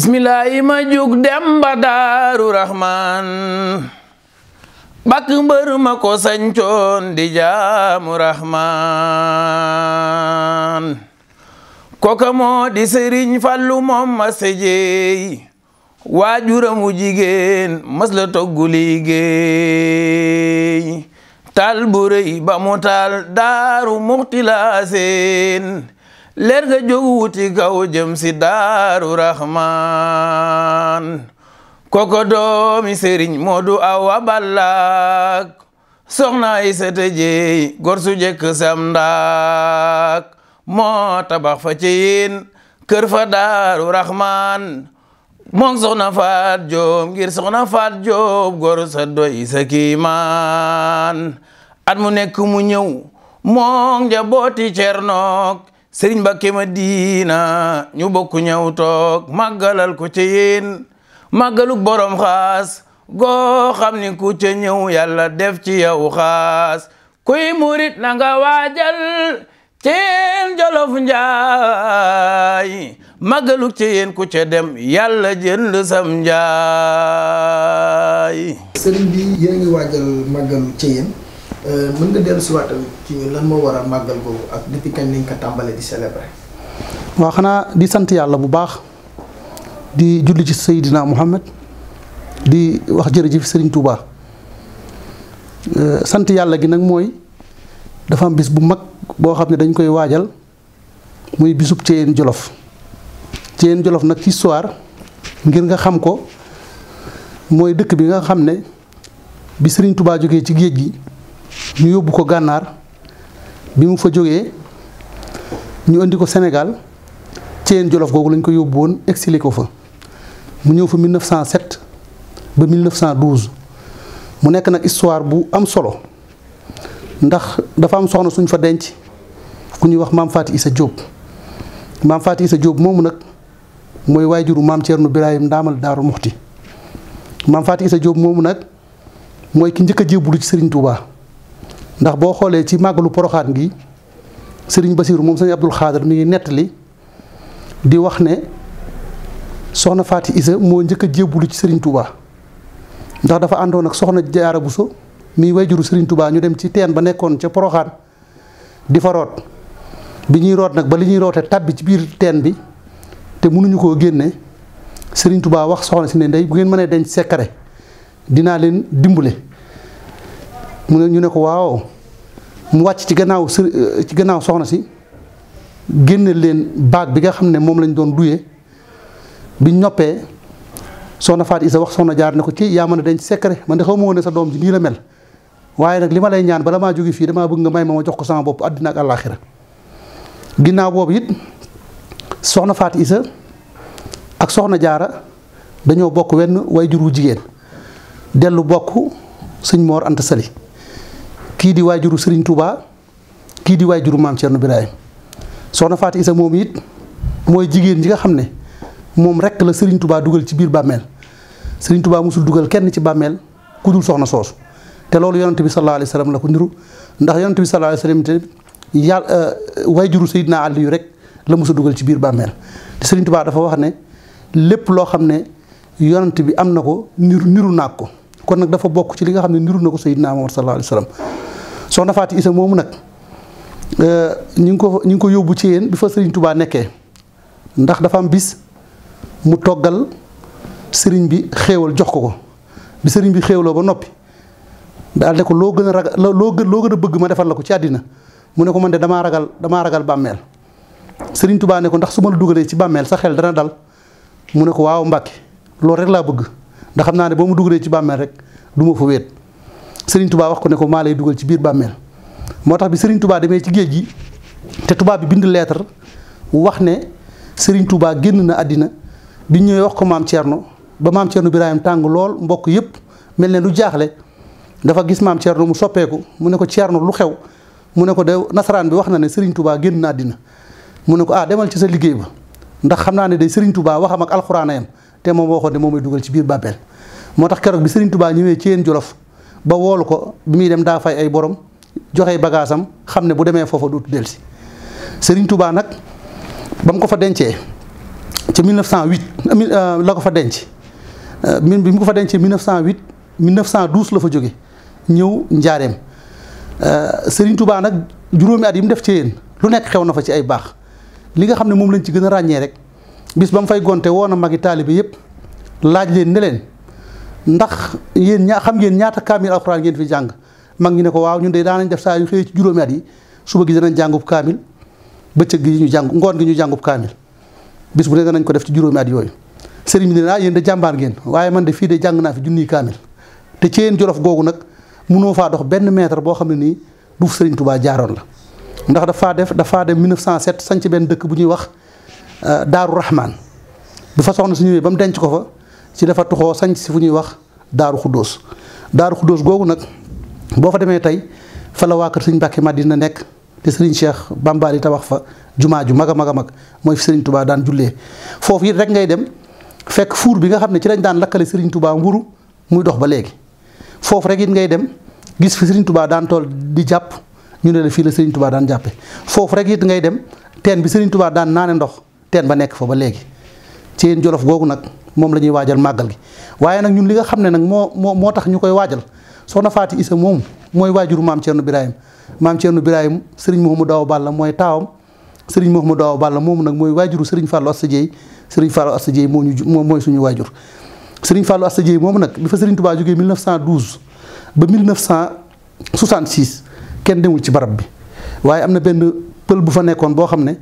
bismillaahi ma jug dem ba daaru rahmaan bakk mbër ma ko sancoon di jaamu rahmaan koka moo di sëriñ fallu moom ma sejeey waajuramu jigéen mas la toggu tal bu ba mu tal daaru muxti leer ga jóg wuti kaw jëm si daaru rahman koko doomi sëriñ moodu awa ballak soxna yi sa tëjeey gor su jëkk sam ndaak moo tabax fa ci kër fa daaru rahman moog soxna faat joob ngir soxna faat joob gor sa doy sa kiimaan at mu nekk mu ñëw moog njabooti cernook sëriñ ma Madina ñu bokk ñëw toog màggalal ko ci yéen màggaluk borom xaas goo xam ni ku ca ñëw yàlla def ci yow xaas kuy murit na nga waajal ceen jolof njaay màggaluk ca yéen ku ca dem yàlla jënd sam njaay sëriñ bi yéen waajal màggalu ca yéen Euh, mën dellu si lan moo war a màggal boobu ak tàmbalee di célébrer. xanaa di sant yàlla bu baax di julli ci Seydina Muhammad di wax jërëjëf Serigne Touba euh, sant yàlla gi nag mooy dafa am bis bu mag boo xam ne dañ koy waajal muy bisub Ceyeen Jolof Ceyeen Jolof nag ci histoire ngir nga xam ko mooy dëkk bi nga xam ne bi Serigne tubaa jógee ci géej gi. ñu yóbbu ko gànnaar bi mu fa jógee ñu indi ko Sénégal ceen jolof googu lañ ko yóbbu woon exilé ko fa mu ñëw fa 1907 ba 1912 mu nekk nag histoire bu am solo ndax dafa am soxna suñ fa denc ku ñuy wax maam Faati Isa Diop maam Faati Isa jóob moomu nag mooy juru maam nu Birahim Ndaamal Daaru Muxti maam Faati Isa jóob moomu nag mooy ki njëkk a jébbalu ci Serigne Touba. ndax bo xolé ci maglu poroxaan gi serigne Basiiru mom serigne Abdul Khadir mi ngi netali di wax ne soxna fatih Isa mo ñëk a ci serigne Touba ndax dafa ando ak soxna Jaara Buso mi wayjuru serigne Touba ñu dem ci teen ba nekkon ci poroxaan di fa root bi ñuy root nag ba li ñuy roote ci biir teen bi té mënuñu koo génné serigne Touba wax soxna ci ne ndey bu ngeen mëne dañ secret dina leen dimbulé mu ne ñu ne ko waaw mu wàcc ci gannaaw euh, ci gannaaw soxna si génne leen baag bi nga xam ne moom lañ doon duye bi ñoppee soxna Faat Isa wax soxna jaar ne ko ci yaa man a denc secret man de xaw ma woon ne sa doom ji nii la mel waaye nag li ma lay ñaan bala maa jóge fii damaa bëgg nga may ma ma jox ko sama bopp àddina ak àllaaxira ginnaaw boobu it soxna Faat Isa ak soxna jaara dañoo bokk wenn way juru jigéen dellu bokk sëñ Moor Anta Sali kii di waajuru sëriñ Touba kii di waajuru maam Thierno Birahim soxna Faati Isa moom it mooy jigéen ji nga xam ne moom rek la sëriñ tubaa dugal ci biir bàmmeel sëriñ tubaa musul dugal kenn ci bàmmeel ku soxna soosu te loolu yonante bi sallallahu alayhi la ko niru ndax yonante bi sallallahu alayhi wa sallam te yàlla euh, waajuru rek la musa dugal ci biir bàmmeel te Serigne dafa wax ne lépp loo xam ne yonant bi am na ko niru niru naa ko kon nag dafa bokk ci li nga xam ne niru na ko Seydina Muhammad sallallahu alayhi wa sallam soxna Faati Isa moomu nag euh, ñu ngi ko ñu ngi ko yóbbu ci yéen bi fa Serigne Touba nekkee ndax dafa am bis mu toggal sëriñ bi xéewal jox ko ko bi Serigne bi xéewaloo ba noppi daal ne ko loo gën a ragal loo gën gën a bëgg ma defal la ko ci àddina mu ne ko man de damaa ragal damaa ragal bàmmeel Serigne Touba nekko ndax su ma la dugalee ci bàmmeel sa xel dana dal mu ne ko waaw Mbàkke loolu rek laa bëgg ndax xam naa ne boo mu dugalee ci bàmmeel rek du ma fa wéet. Serigne Touba wax ko ne ko maalay dugal ci biir bàmmeel moo tax bi sëriñ tubaa demee ci géej gi te tubaab bi bind lettre wax ne sëriñ tubaa génn na àddina bi ñëwee wax ko maam Thierno ba maam Thierno Birahim tàng lool mbokk yëpp mel ne lu jaaxle dafa gis maam Thierno mu soppeeku mu ne ko Thierno lu xew mu ne ko de nasaraan bi wax na ne Serigne Touba génn na àddina mu ne ko ah demal ci sa liggéey ba ndax xam naa ne day Serigne Touba waxam ak alxuraanayam te moom waxoon ne moom may dugal ci biir bàmmeel moo tax keroog bi Serigne Touba ñëwee ci yéen Jolof ba woolu ko bi muy dem daa fay ay borom joxe bagaasam xam ne bu demee foofa du dellusi Serigne Touba nag ba mu ko fa dencee ca 1908 euh, euh, la ko fa denc euh, bi mu ko fa dencee 1908 1912 la fa jóge ñëw njaareem Serigne Touba nag juróomi at yi mu def ci yéen lu nekk xew na fa ci ay baax li nga xam ne moom lañ ci gën a ràññee rek bis ba mu fay gonte woon a magi taalibe yépp laaj leen ne leen ndax yéen ñaa xam ngeen ñaata kaamil alxuraan ngeen fi jàng mag ñi ne ko waaw ñun de daanañ def saa yu xëyee ci juróomi at yi suba gis danañ jàngub kaamil bëccëg gi ñu jàng ngoon gi ñu jàngub kaamil bis bu ne danañ ko def ci juróomi at yooyu sëriñ bi ah, yéen de jàmbaar ngeen waaye man de fii de jàng naa fi junniy kaamil te ci yéen jolof googu nag munoo faa dox benn mètre boo xam ne nii du sëriñ Touba jaaroon la ndax dafaa def dafaa dem sañ ci benn dëkk bu ñuy wax euh, Daaru Rahman bu fa soxna su ñëwee ba mu denc ko ci dafa tuxoo sanc si fu ñuy wax daaru xuddoos daaru xuddoos googu nag boo fa demee tey fa la waa kër sëñ Mbàkke Madina nekk te sëriñ Cheikh Bambaali tabax fa jumaa ju mag a mag a mag mooy fi sëriñ Tubaa daan jullee foofu it rek ngay dem fekk fuur bi nga xam ne ci lañ daan lakkale sëriñ Tubaa mburu muy dox ba léegi foofu rek it ngay dem gis fi sëriñ Tubaa daan tool di jàpp ñu ne la fii la sëriñ Tubaa daan jàppe foofu rek it ngay dem teen bi sëriñ daan naane ndox teen ba nekk fa ba léegi ci yéen Jolof googu nag moom la ñuy waajal màggal gi waaye nag ñun li nga xam ne nag moo moo moo tax ñu koy waajal soxna Faati Isa moom mooy waajuru maam Thierno Birahim maam Thierno Birahim Serigne Mouhamadou Awa Balla mooy taawam Serigne Mouhamadou Awa Balla moomu nag mooy waajuru Serigne Fallou Assa Dieye Serigne Fallou Assa Dieye moo ñu moom mooy suñu waajur. Serigne Fallou Assa Dieye moomu nag bi fa Serigne Touba jógee 1912 ba 1966 kenn demul ci barab bi waaye am na benn pël bu fa nekkoon boo xam ne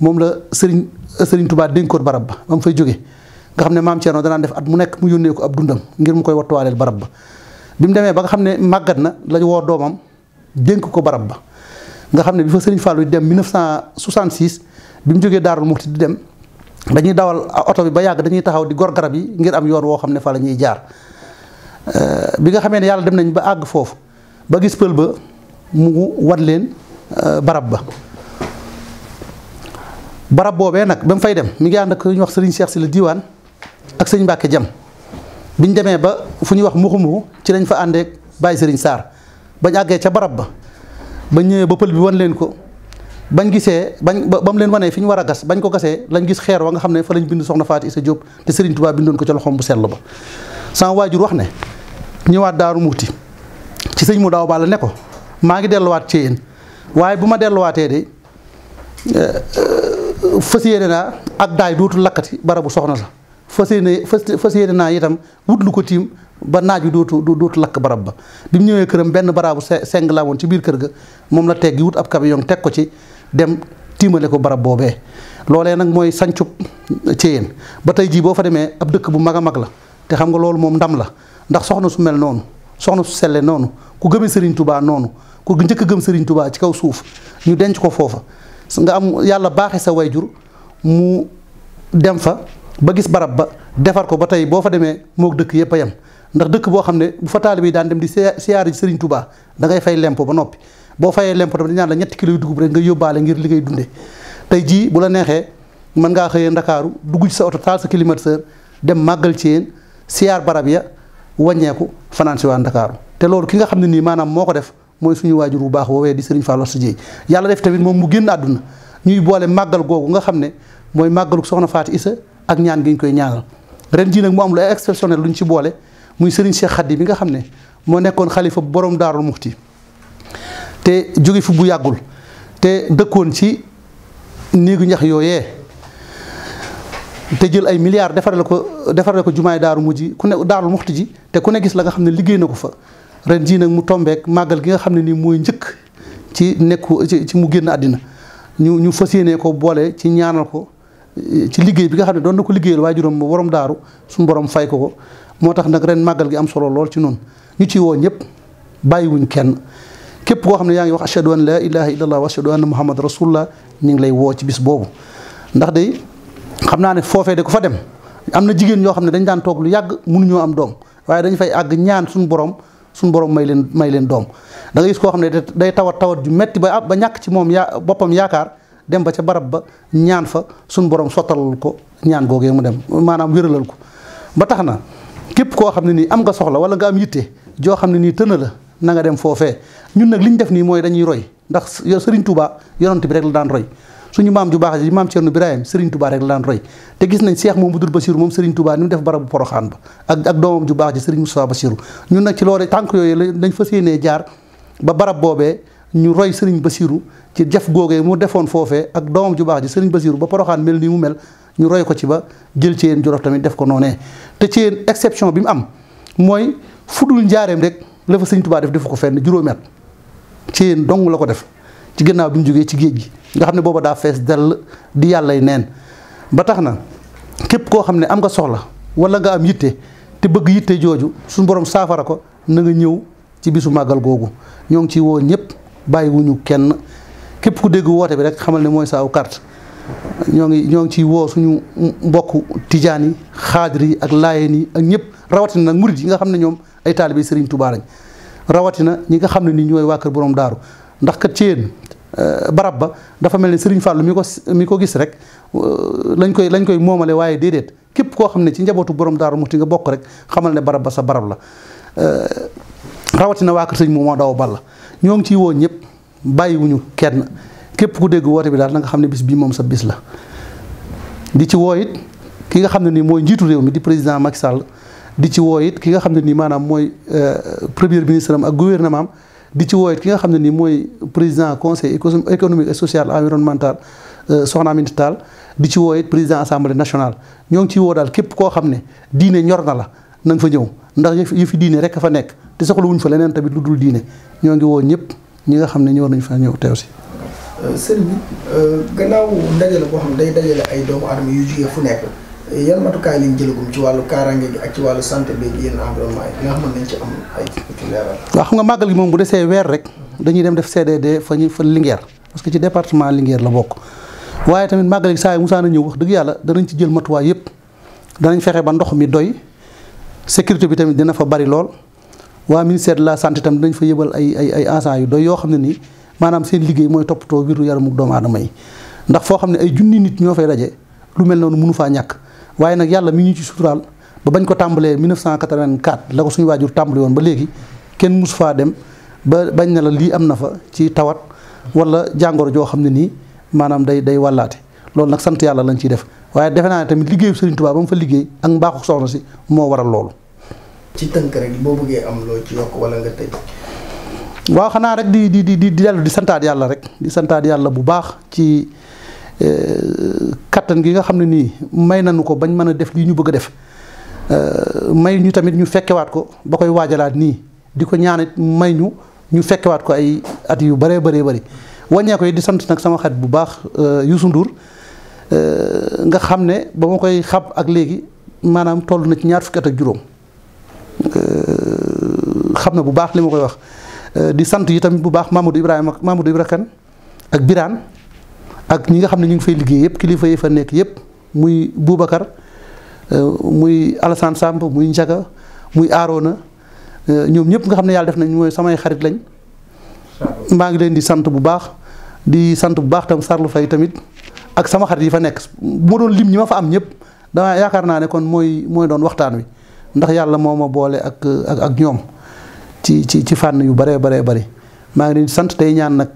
moom la Serigne Serigne tubaat dénkoon barab ba ba mu fay jógee. nga xam ne maam Thierno danaan def at mu nekk mu yónnee ko ab dundam ngir mu koy wattuwaaleel barab ba bi mu demee ba nga xam ne màggat na lañu woo doomam dénk ko barab ba nga xam ne bi fa Serigne Fallou di dem 1966 bi mu jógee Daarul Muxti di dem dañuy dawal oto bi ba yàgg dañuy taxaw di gor garab ngir am yoon woo xam ne fa ñuy jaar euh, bi nga xamee ne yàlla dem nañ ba àgg foofu ba gis pël ba mu wan leen euh, barab ba barab boobee nag ba mu fay dem mi ngi ànd ak ñu wax Serigne Cheikh si la diiwaan ak sëñ Mbàkke jam biñ demee ba fu ñuy wax muxu muxu ci lañ fa àndeek bàyyi sëriñ Saar bañ àggee ca barab ba ba ñëwee ba pël bi wan leen ko bañ gisee bañ ba mu leen wanee fi ñu war a gas bañ ko gasee lañ gis xeer wa nga xam ne fa lañ bind soxna Faati sa Jóob te sëriñ Tuubaa bindoon ko ca loxoom bu sell ba sama waajur wax ne ñëwaat daaru muuti ci sëñ mu daaw bala ne ko maa ngi delluwaat ci yéen waaye bu ma delluwaatee de eh, eh, fës yéene naa ak daay dootul lakkati barabu soxna la fas yéene fas yéene naa itam wut lu ko tiim ba naaj wi dootu dootu lakk barab ba bi mu ñëwee këram benn baraabu seng laa woon ci biir kër ga moom la teggi wut ab camion teg ko ci dem tiimale ko barab boobee. loolee nag mooy sancub Ceyeen ba tey jii boo fa demee ab dëkk bu mag a mag la te xam nga loolu moom ndam la ndax soxna su mel noonu soxna su selle noonu ku gëme Serigne Touba noonu ku njëkk gëm sëriñ Touba ci kaw suuf ñu denc ko foofa nga am yàlla baaxe sa wayjur mu dem fa. ba gis barab ba defar ko ba tey boo fa demee moog dëkk yëpp a yem ndax dëkk boo xam ne bu fa taalibe yi daan dem di siyaari Serigne Touba da dangay fay lempo ba noppi boo fayee lempo tamit ñaan la ñetti kilo dugub rek nga yóbbaale ngir li dunde dundee tey jii bu la neexee mën ngaa xëyee ndakaaru dugg ci sa oto taal sa climatiseur dem màggal ci yéen siyaar barab ya wàññeeku fanaan si waa ndakaaru te loolu ki nga xam ne nii maanaam moo ko def mooy suñu waajur bu baax woowee di Serigne Fallou Asta Dieye yàlla def tamit moom mu génn àdduna ñuy boole màggal googu nga xam ne mooy màggalu soxna Faati Isa ak ñaan gi ñu koy ñaanal ren jiinag nag mu am lu exceptionnel lu ñu ci boole muy Serigne Cheikh Khady bi nga xam ne moo nekkoon xalifa borom Daarul Muxti te jóge fu bu yàggul te dëkkoon ci néegu ñax yooye te jël ay milliards defarale ko defarale ko jumaay daaru mujj ku ne daarul muxti ji te ku ne gis la nga xam ne liggéey na ko fa ren jii nag mu tombeek màggal gi nga xam ne nii mooy njëkk ci nekku ci mu génn àddina ñu ñu fas yéene ko boole ci ñaanal ko ci liggéey bi nga xam ne doon na ko liggéeyal waajuram ba borom daaru suñu borom fay ko ko moo tax nag ren màggal gi am solo lool ci noonu ñu ci woo ñëpp bàyyiwuñ kenn képp koo xam ne yaa ngi wax ashhadu an laa ilaha illallah wa ashhadu anna muhammad rasulullah ñu ngi lay woo ci bis boobu ndax day xam naa ne foofee de ko fa dem am na jigéen ñoo xam ne dañ daan toog lu yàgg munuñoo am doom waaye dañ fay àgg ñaan suñu borom suñu borom may leen may leen doom da nga koo xam ne day tawat tawat ju metti ba ba ñàkk ci moom yaa boppam yaakaar dem ba ca barab ba ñaan fa suñ borom sotal ko ñaan goge mu dem manam wéralal ko ba taxna kep ko xamni ni am nga soxla wala nga am yitte jo xamni ni teuna la na nga dem fofé ñun nak liñ def ni moy dañuy roy ndax Serigne Touba yonent bi rek la daan roy suñu mam ju baax ji maam Thierno Serigne Touba rek la daan roy te gis nañ Cheikh Mamadou Bassirou mom Serigne Touba ni def barab poroxaan ba ak ak domam ju baax ji Serigne moussa Bassirou ñun nak ci lolé tank yoy lañ fassiyene jaar ba barab bobé ñu roy Serigne Bassirou ci jaf googee mu defoon foofee ak doomam ju baax ji sëriñ Basiiru ba poroxaan mel nii mu mel ñu roy ko ci ba jël ci yéen Jolof tamit def ko noonee te ci yéen exception bi mu am mooy fudul njaareem rek la fa sëriñ Tuubaa def defu ko fenn juróomi at ci yéen dong la ko def ci gannaaw bi mu jógee ci géej gi nga xam ne booba daa fees dell di yàllay neen ba tax na képp koo xam ne am nga soxla wala nga am yitte te bëgg yitte jooju suñu boroom saafara ko na ñëw ci bisu màggal googu ñoo ngi ciy woo ñëpp bàyyiwuñu kenn képp ku dégg woote bi rek xamal ne mooy saaw carte ñoo ngi ñoo ngi ciy woo suñu mbokk tijaan yi xaadir yi ak laayeen yi ak ñëpp rawatina nag murid yi nga xam ne ñoom ay taalibe sëriñ Touba lañ rawatina ñi nga xam ne ni ñooy waa kër borom daaru ndax ci yéen euh, barab ba dafa mel ne Serigne Fallou mi ko mi ko gis rek euh, lañ koy lañ koy moomale waaye déedéet képp koo xam ne ci njabootu borom daaru muxti nga bokk rek xamal ne barab ba sa barab la euh, rawatina waa kër sëñ moom moo daw balla ñoo ngi ciy woo ñëpp. bàyyiwuñu kenn képp ku dégg woote bi daal na nga xam ne bis bii moom sa bis la. di ci woo ki nga xam ne nii mooy njiitu réew mi di président Macky Sall di ci woo it ki nga xam ne nii maanaam mooy euh, premier ministre am ak gouvernement di ci woo ki nga xam ne nii mooy président conseil économique et social environnemental euh, Soxna Aminata Tall di ci woo président assemblée national ñoo ngi ci woo daal képp koo xam ne diine ñor na la na fa ñëw ndax yëf fi diine rek a fa nekk te soxla wuñ fa leneen tamit lu dul diine ñoo ngi woo ñëpp. ñi nga xamne ñu war nañ fa ñew tew ci euh, serigne euh gannaaw dajal bo boo xam day dajal ay doom aadama yu jige fu nek yeen matu kay lañ jëlagum ci walu karange gi ak ci walu santé bi ak yeen environnement nga xam nañ ci am ay ci leral wax nga magal gi mom bu déssé wér rek dañuy dem def CDD fa ñu fa Linguère parce que ci département Linguère la bok waye tamit magal gi saa yi na ñëw wax deug Yalla da nañ ci jël matu matuwaay yépp da nañ fexé ba ndox mi doy sécurité bi tamit dina fa bari lool waa ministère de la sant itam dañ fa yëbal ay ay ay agents yu doy yoo xam ne nii maanaam seen liggéey mooy toppatoo wiru yaramu doomu aadama yi ndax foo xam ne ay junni nit ñoo fay daje lu mel noonu mënu faa ñàkk waaye nag yàlla mi ngi ci suturaal ba bañ ko tàmbalee 1984 la ko suñu waajur tàmbale woon ba léegi kenn mus faa dem ba bañ na la lii am na fa ci tawat wala jàngoro joo xam ne nii maanaam day day wàllaate loolu nag sant yàlla lañ ciy def waaye defe naa ne tamit liggéeyu Serigne Touba ba mu fa liggéey ak mbaaxu soxna si moo waral loolu ci teunk rek bo beugé am lo ci yok wala nga tej wa xana rek di di di di delu di santat yalla rek di santat yalla bu baax ci eh, katan gi nga xamni ni may nañu ko bañ mëna def li ñu bëgg def def eh, may ñu tamit ñu fekkewaat ko bakoy wajalat ni diko di ko ñaanit may ñu ñu fekkewaat ko ay at yu bare bare bare wàññee ko di sant nak sama xarit bu baax eh, Youssou Ndour nga xam ne ba ma koy xab ak léegi manam tollu na ci ñaar fukkat ak juroom xamna bu baax limu koy wax di sante yi tamit bu baax Mamadou ak Mamadou Ibra ak biran ak ñi nga xamne ñu ngi fay liggéey yépp kilifa yi fa nekk yépp muy Boubacar muy Alassane Samb muy njaga muy Arona ñom ñëpp nga xamne yalla def nañ moy samay xarit lañ ma ngi leen di sante bu baax di sante bu baax tam Sarlu Fay tamit ak sama xarit yi fa nekk mo doon lim ñima fa am ñëpp dama yaakaar na ne kon moy moy doon waxtaan wi ndax yàlla moo ma boole ak ak ñoom ci ci ci fànn yu baree baree bari maa ngi leen di sant tey ñaan nag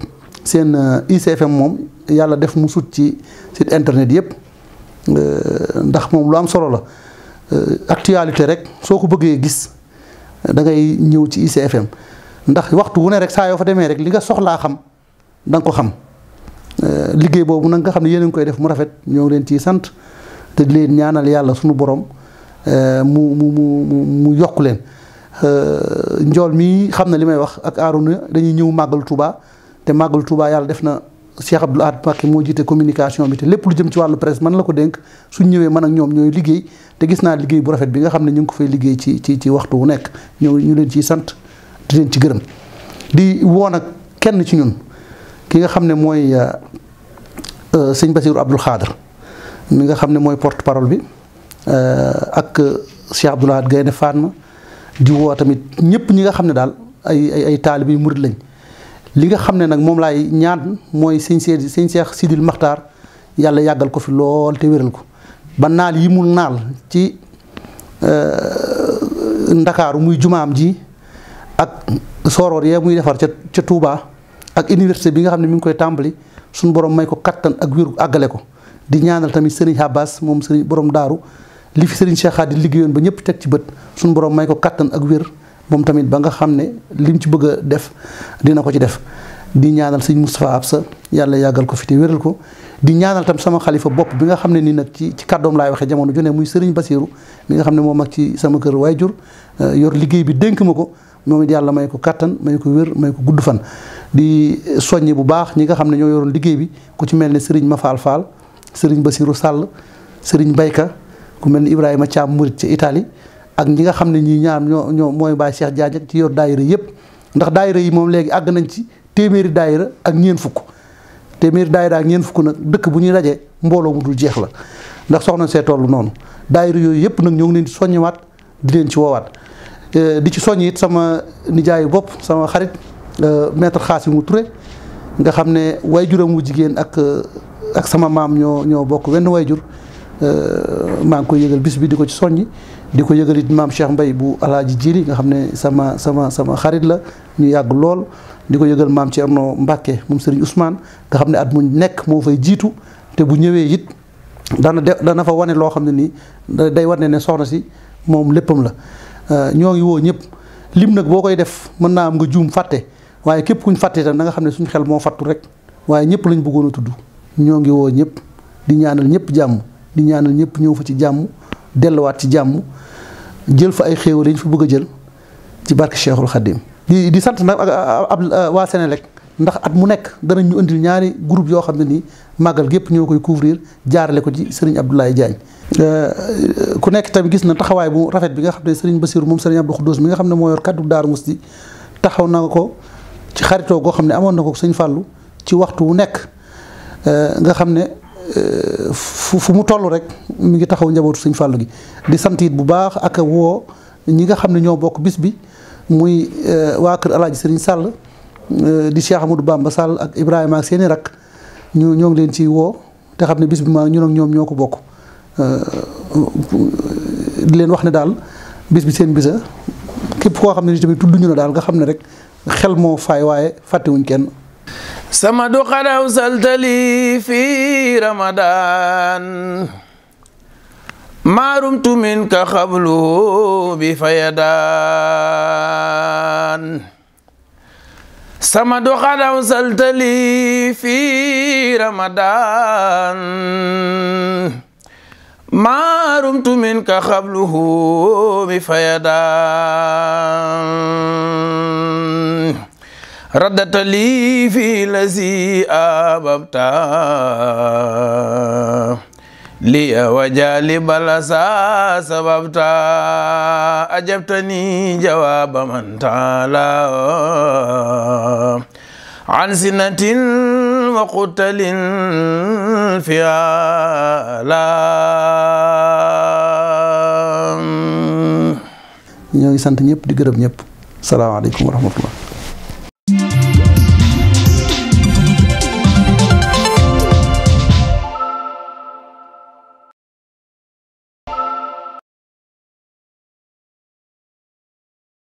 seen uh, ICFM moom yàlla def mu sut ci internet yëpp uh, ndax moom lu am solo la uh, actualité rek soo ko bëggee gis da ngay ñëw ci ICFM ndax waxtu wu ne rek saa yoo fa demee rek li nga soxlaa xam da nga ko liggéey boobu nag nga xam ne yéen a ngi koy def mu rafet ñoo leen ciy sant te di ñaanal yàlla suñu borom. Euh, mu mu mu mu yokk leen euh, njool mii xam na li may wax ak Arouna dañuy ñëw màggal Touba te màggal Touba yàlla def na Cheikh Abdoul Ahad Mbacké moo jiite communication bi te lépp lu jëm ci wàllu presse man la ko dénk suñ ñëwee man ak ñoom ñooy liggéey te gis naa liggéey bu rafet bi nga xam ne ñu ngi ko fay liggéey ci ci ci waxtu wu nekk ñëw ñu leen ciy sant di leen ci gërëm di woon ak kenn ci ñun ki nga xam ne mooy euh, sëñ Bassirou Abdoul Khadr mi nga xam ne mooy porte parole bi. Euh, ak Cheikh Abdoul Ahad Gaynde Fatma di woo tamit ñëpp ñi nga xam ne daal ay ay ay taalibe yu murid lañ li nga xam ne nag moom laay ñaan mooy sëñ Seex sëñ Seex Sidil Maxtaar yàlla yàggal ko fi lool te wéral ko ba naal yi mu naal ci euh, ndakaaru muy jumaam ji ak sooroor yee muy defar ca ca Touba ak université bi nga xam ne mu ngi koy tàmbali suñu borom may ko kattan ak wéru àggale ko di ñaanal tamit Serigne Abbas moom Serigne borom daaru li fi Serigne Cheikh di liggéeyoon ba ñëpp teg ci bët suñu borom may ko kàttan ak wér moom tamit ba nga xam ne lim ci bëgg a def dina ko ci def. di ñaanal sëñ ab sa yàlla yàggal ko fi te wéral ko di ñaanal tam sama xalifa bopp bi nga xam ne nii nag ci ci kàddoom laay waxee jamono ju ne muy Serigne Bassirou mi nga xam ne moom mag ci sama kër jur euh, yor liggéey bi dénk ma ko moom it yàlla may ko kàttan may ko wér may ko gudd fan. di soññi bu baax ñi nga xam ne ñoo yoroon liggéey bi ku ci mel ne Serigne Mafal Fall Serigne Bassirou Sall Serigne Bayka. ku mel ni Ibrahima Thiam Murit ca Italie ak ñi nga xam ne ñii ñaar ñoo ñoo mooy Baye Cheikh Diagne ci yor daayira yëpp ndax daayira yi moom léegi àgg nañ ci téeméeri daayira ak ñeen fukk téeméeri daayira ak fukk nag dëkk bu ñuy dajee mbooloo mu dul jeex la ndax soxna see toll noonu daayira yooyu yëpp nag ñoo ngi leen di soññiwaat di leen ci woowaat eh, di ci soññ it sama nijaayu bopp sama xarit eh, maître mu Touré nga xam ne way juramu jigéen ak eh, ak sama maam ñoo ñoo bokk wenn way jur Euh, maa ngi koy yëgal bis bi di ko ci soññi di ko yëgal it maam Cheikh mbay bu alaaji jiri nga xam ne sama sama sama xarit la ñu yàgg lool di ko yëgal maam noo Mbacke moom Serigne Ousmane nga xam ne at mu nekk moo fay jiitu te bu ñëwee it dana de dana fa wane loo xam ne nii day wane ne soxna si moom léppam la euh, ñoo ngi woo ñëpp lim nag boo koy def mën naa am nga juum fàtte waaye képp ku ñu fàttee na nga xam ne suñu xel moo fàttu rek waaye ñëpp lañu bëggoon a tudd ñoo ngi woo ñëpp di ñaanal ñëpp jàmm di ñaanal ñëpp ñëw fa ci jàmm delluwaat ci jàmm jël fa ay xéewal yi ñu fa bëgg a jël ci barke Cheikhul Khadim di di sant nag ab waa Sénélec ndax at mu nekk danañ ñu indil ñaari groupe yoo xam ne nii màggal gépp ñoo koy couvrir jaarale ko ci Serigne Abdoulaye Diagne. Euh, ku nekk tamit gis na taxawaay bu rafet bi nga xam ne Serigne Bassirou moom Serigne Abdou Khoudous mi nga xam ne moo yor kaddu Daaru Musti taxaw na ko ci xaritoo goo xam ne amoon na ko Serigne Fallou ci waxtu wu nekk euh, nga xam ne. fu fu mu toll rek mu ngi taxaw njabootu sëñ fàll gi di sant bu baax ak woo ñi nga xam ne ñoo bokk bis bi muy eh, waa kër alaaji sëriñ sàll eh, di Cheikh Amadou Bamba sàll ak Ibrahima ak seeni rak ñu ñoo ngi leen ci woo xam ne bis bi maa ñun ak ñoo ko bokk eh, di leen wax ne daal bis bi seen bisa képp koo xam ne ni tamit tudd ñu la daal nga xam ne rek xel moo faay waaye fàttewuñ kenn سمد قد أوصلت لي في رمضان ما رمت منك قبل بفيدان سمد قد أوصلت لي في رمضان ما رمت منك قبله بفيدان radatali fi lazi ababta li wajali balasa sababta ajabtani jawabamantala man tala an sinatin wa qutalin fi ala ñi sant ñep di gërëm Thank you.